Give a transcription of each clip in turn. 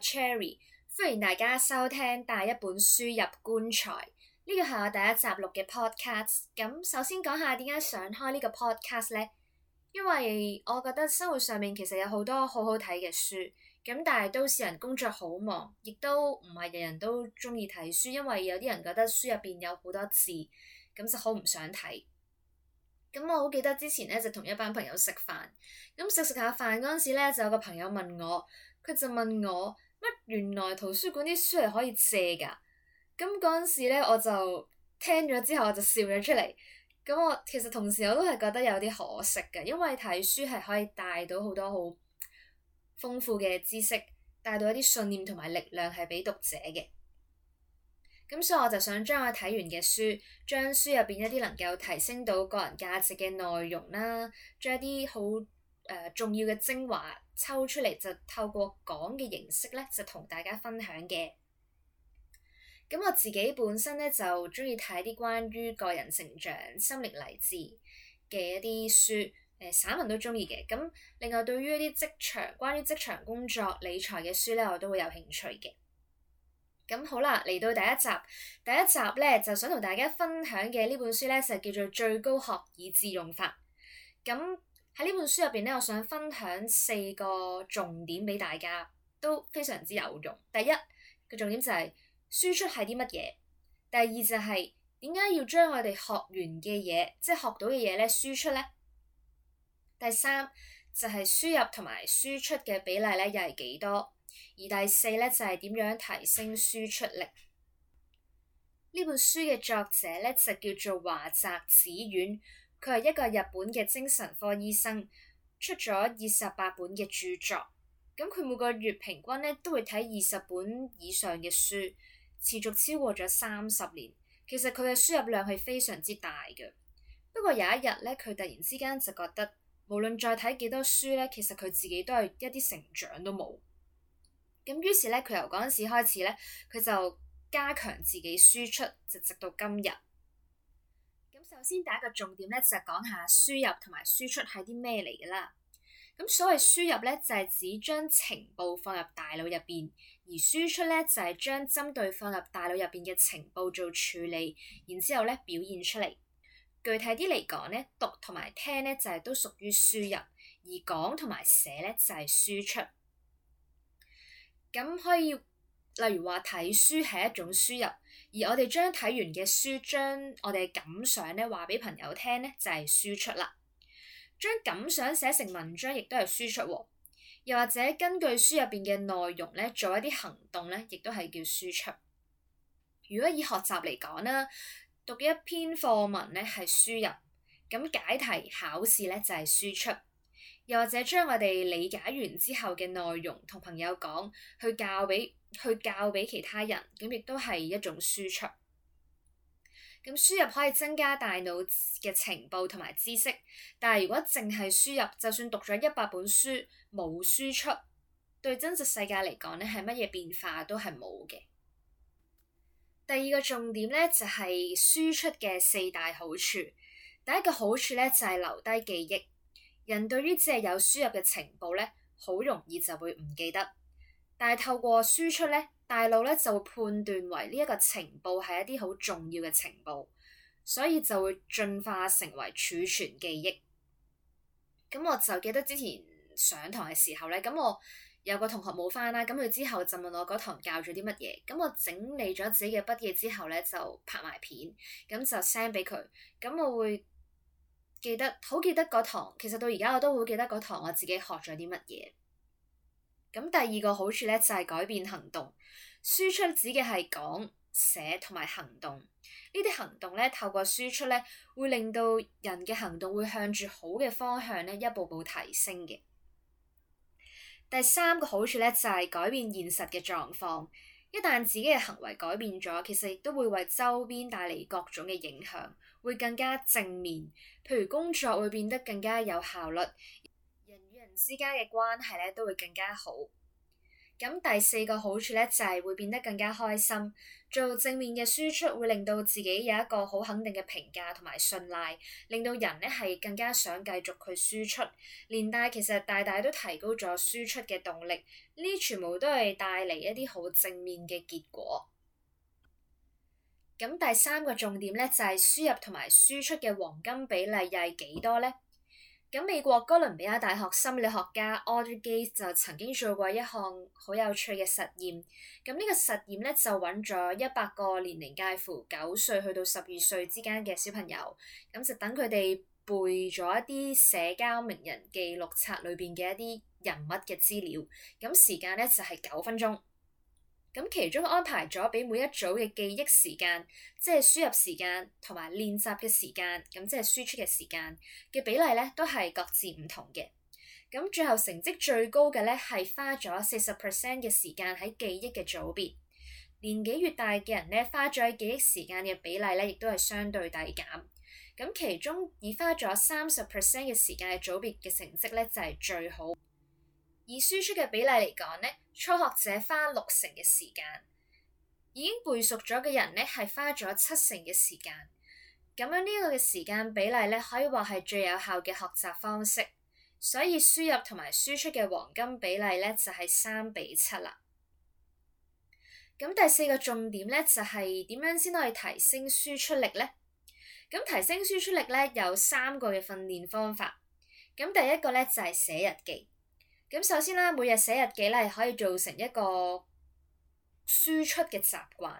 Cherry，歡迎大家收聽帶一本書入棺材，呢個係我第一集錄嘅 podcast。咁首先講下點解想開呢個 podcast 呢？因為我覺得生活上面其實有好多好好睇嘅書，咁但係都市人工作好忙，亦都唔係人人都中意睇書，因為有啲人覺得書入邊有好多字，咁就好唔想睇。咁我好記得之前呢，就同一班朋友食飯，咁食食下飯嗰陣時呢就有個朋友問我，佢就問我。乜原來圖書館啲書係可以借㗎？咁嗰陣時呢，我就聽咗之後，我就笑咗出嚟。咁我其實同時我都係覺得有啲可惜嘅，因為睇書係可以帶到好多好豐富嘅知識，帶到一啲信念同埋力量係俾讀者嘅。咁所以我就想將我睇完嘅書，將書入邊一啲能夠提升到個人價值嘅內容啦，將一啲好、呃、重要嘅精華，抽出嚟就透過講嘅形式咧，就同大家分享嘅。咁我自己本身咧就中意睇啲關於個人成長、心靈勵志嘅一啲書，誒、呃、散文都中意嘅。咁另外對於一啲職場、關於職場工作、理財嘅書咧，我都會有興趣嘅。咁好啦，嚟到第一集，第一集咧就想同大家分享嘅呢本書咧就叫做《最高學以致用法》咁。喺呢本書入邊呢，我想分享四個重點俾大家都非常之有用。第一個重點就係輸出係啲乜嘢；第二就係點解要將我哋學完嘅嘢，即係學到嘅嘢呢，輸出呢；第三就係輸入同埋輸出嘅比例呢，又係幾多；而第四呢，就係點樣提升輸出力。呢本書嘅作者呢，就叫做樺澤紫苑。佢係一個日本嘅精神科醫生，出咗二十八本嘅著作。咁佢每個月平均咧都會睇二十本以上嘅書，持續超過咗三十年。其實佢嘅輸入量係非常之大嘅。不過有一日咧，佢突然之間就覺得，無論再睇幾多書咧，其實佢自己都係一啲成長都冇。咁於是咧，佢由嗰陣時開始咧，佢就加強自己輸出，就直到今日。首先第一個重點咧就係講下輸入同埋輸出係啲咩嚟嘅啦。咁所謂輸入咧就係指將情報放入大腦入邊，而輸出咧就係將針對放入大腦入邊嘅情報做處理，然之後咧表現出嚟。具體啲嚟講咧，讀同埋聽咧就係都屬於輸入，而講同埋寫咧就係輸出。咁可以。例如話睇書係一種輸入，而我哋將睇完嘅書，將我哋嘅感想咧話俾朋友聽咧就係輸出啦。將感想寫成文章，亦都係輸出。又或者根據書入邊嘅內容咧做一啲行動咧，亦都係叫輸出。如果以學習嚟講啦，讀一篇課文咧係輸入，咁解題、考試咧就係輸出。又或者將我哋理解完之後嘅內容同朋友講，去教俾。去教俾其他人，咁亦都係一種輸出。咁輸入可以增加大腦嘅情報同埋知識，但係如果淨係輸入，就算讀咗一百本書，冇輸出，對真實世界嚟講呢，係乜嘢變化都係冇嘅。第二個重點呢，就係輸出嘅四大好處。第一個好處呢，就係留低記憶，人對於只係有輸入嘅情報呢，好容易就會唔記得。但係透過輸出咧，大腦咧就會判斷為呢一個情報係一啲好重要嘅情報，所以就會進化成為儲存記憶。咁我就記得之前上堂嘅時候咧，咁我有個同學冇返啦，咁佢之後就問我嗰堂教咗啲乜嘢。咁我整理咗自己嘅筆記之後咧，就拍埋片咁就 send 俾佢。咁我會記得好記得嗰堂，其實到而家我都會記得嗰堂我自己學咗啲乜嘢。咁第二個好處咧就係改變行動輸出，指嘅係講寫同埋行動呢啲行動咧，透過輸出咧，會令到人嘅行動會向住好嘅方向咧一步步提升嘅。第三個好處咧就係改變現實嘅狀況。一旦自己嘅行為改變咗，其實亦都會為周邊帶嚟各種嘅影響，會更加正面。譬如工作會變得更加有效率。之間嘅關係呢都會更加好。咁第四個好處呢，就係會變得更加開心，做正面嘅輸出會令到自己有一個好肯定嘅評價同埋信賴，令到人呢係更加想繼續去輸出。連帶其實大大都提高咗輸出嘅動力，呢全部都係帶嚟一啲好正面嘅結果。咁第三個重點呢，就係輸入同埋輸出嘅黃金比例又係幾多呢？咁美國哥倫比亞大學心理學家 Audrey Gates 就曾經做過一項好有趣嘅實驗。咁呢個實驗咧，就揾咗一百個年齡介乎九歲去到十二歲之間嘅小朋友。咁就等佢哋背咗一啲社交名人記錄冊裏邊嘅一啲人物嘅資料。咁時間咧，就係九分鐘。咁其中安排咗俾每一組嘅記憶時間，即係輸入時間同埋練習嘅時間，咁即係輸出嘅時間嘅比例咧，都係各自唔同嘅。咁最後成績最高嘅咧，係花咗四十 percent 嘅時間喺記憶嘅組別。年紀越大嘅人咧，花咗喺記憶時間嘅比例咧，亦都係相對遞減。咁其中已花咗三十 percent 嘅時間嘅組別嘅成績咧，就係最好。以輸出嘅比例嚟講呢，初學者花六成嘅時間，已經背熟咗嘅人呢係花咗七成嘅時間。咁樣呢個嘅時間比例呢，可以話係最有效嘅學習方式。所以輸入同埋輸出嘅黃金比例呢，就係三比七啦。咁第四個重點呢，就係點樣先可以提升輸出力呢？咁提升輸出力呢，有三個嘅訓練方法。咁第一個呢，就係寫日記。咁首先啦，每日寫日記咧，可以造成一個輸出嘅習慣，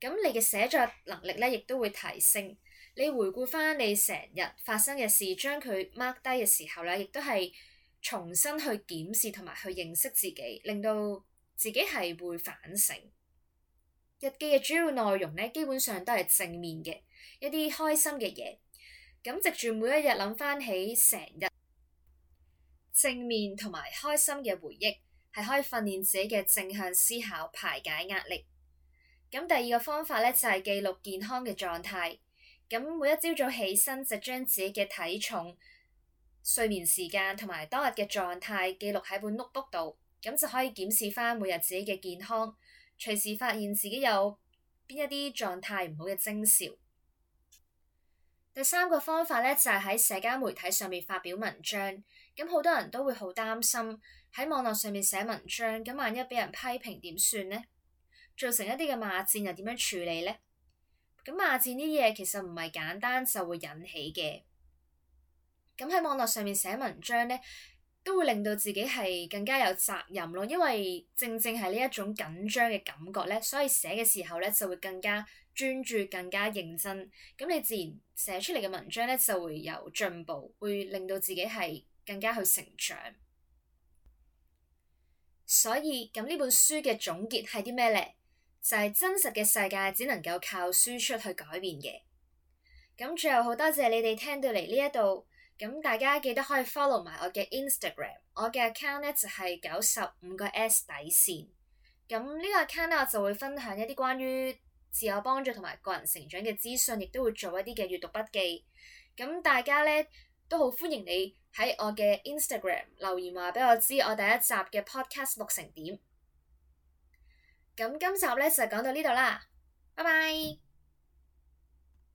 咁你嘅寫作能力咧，亦都會提升。你回顧翻你成日發生嘅事，將佢 mark 低嘅時候咧，亦都係重新去檢視同埋去認識自己，令到自己係會反省。日記嘅主要內容咧，基本上都係正面嘅一啲開心嘅嘢。咁藉住每一日諗翻起成日正面同埋開心嘅回憶係可以訓練自己嘅正向思考，排解壓力。咁第二個方法呢，就係記錄健康嘅狀態。咁每一朝早起身就將自己嘅體重、睡眠時間同埋當日嘅狀態記錄喺本 notebook 度，咁就可以檢視返每日自己嘅健康，隨時發現自己有邊一啲狀態唔好嘅徵兆。第三個方法呢，就係喺社交媒體上面發表文章。咁好多人都會好擔心喺網絡上面寫文章，咁萬一俾人批評點算呢？造成一啲嘅罵戰又點樣處理呢？咁罵戰呢嘢其實唔係簡單就會引起嘅。咁喺網絡上面寫文章呢，都會令到自己係更加有責任咯，因為正正係呢一種緊張嘅感覺呢，所以寫嘅時候呢就會更加專注、更加認真。咁你自然寫出嚟嘅文章呢，就會有進步，會令到自己係更加去成長，所以咁呢本書嘅總結係啲咩呢？就係、是、真實嘅世界只能夠靠輸出去改變嘅。咁最後好多謝你哋聽到嚟呢一度，咁大家記得可以 follow 埋我嘅 Instagram，我嘅 account 呢就係九十、五個 S 底線。咁呢個 account 咧，我就會分享一啲關於自我幫助同埋個人成長嘅資訊，亦都會做一啲嘅閱讀筆記。咁大家呢都好歡迎你。喺我嘅 Instagram 留言話俾我知，我第一集嘅 Podcast 錄成點。咁今集咧就講到呢度啦，拜拜。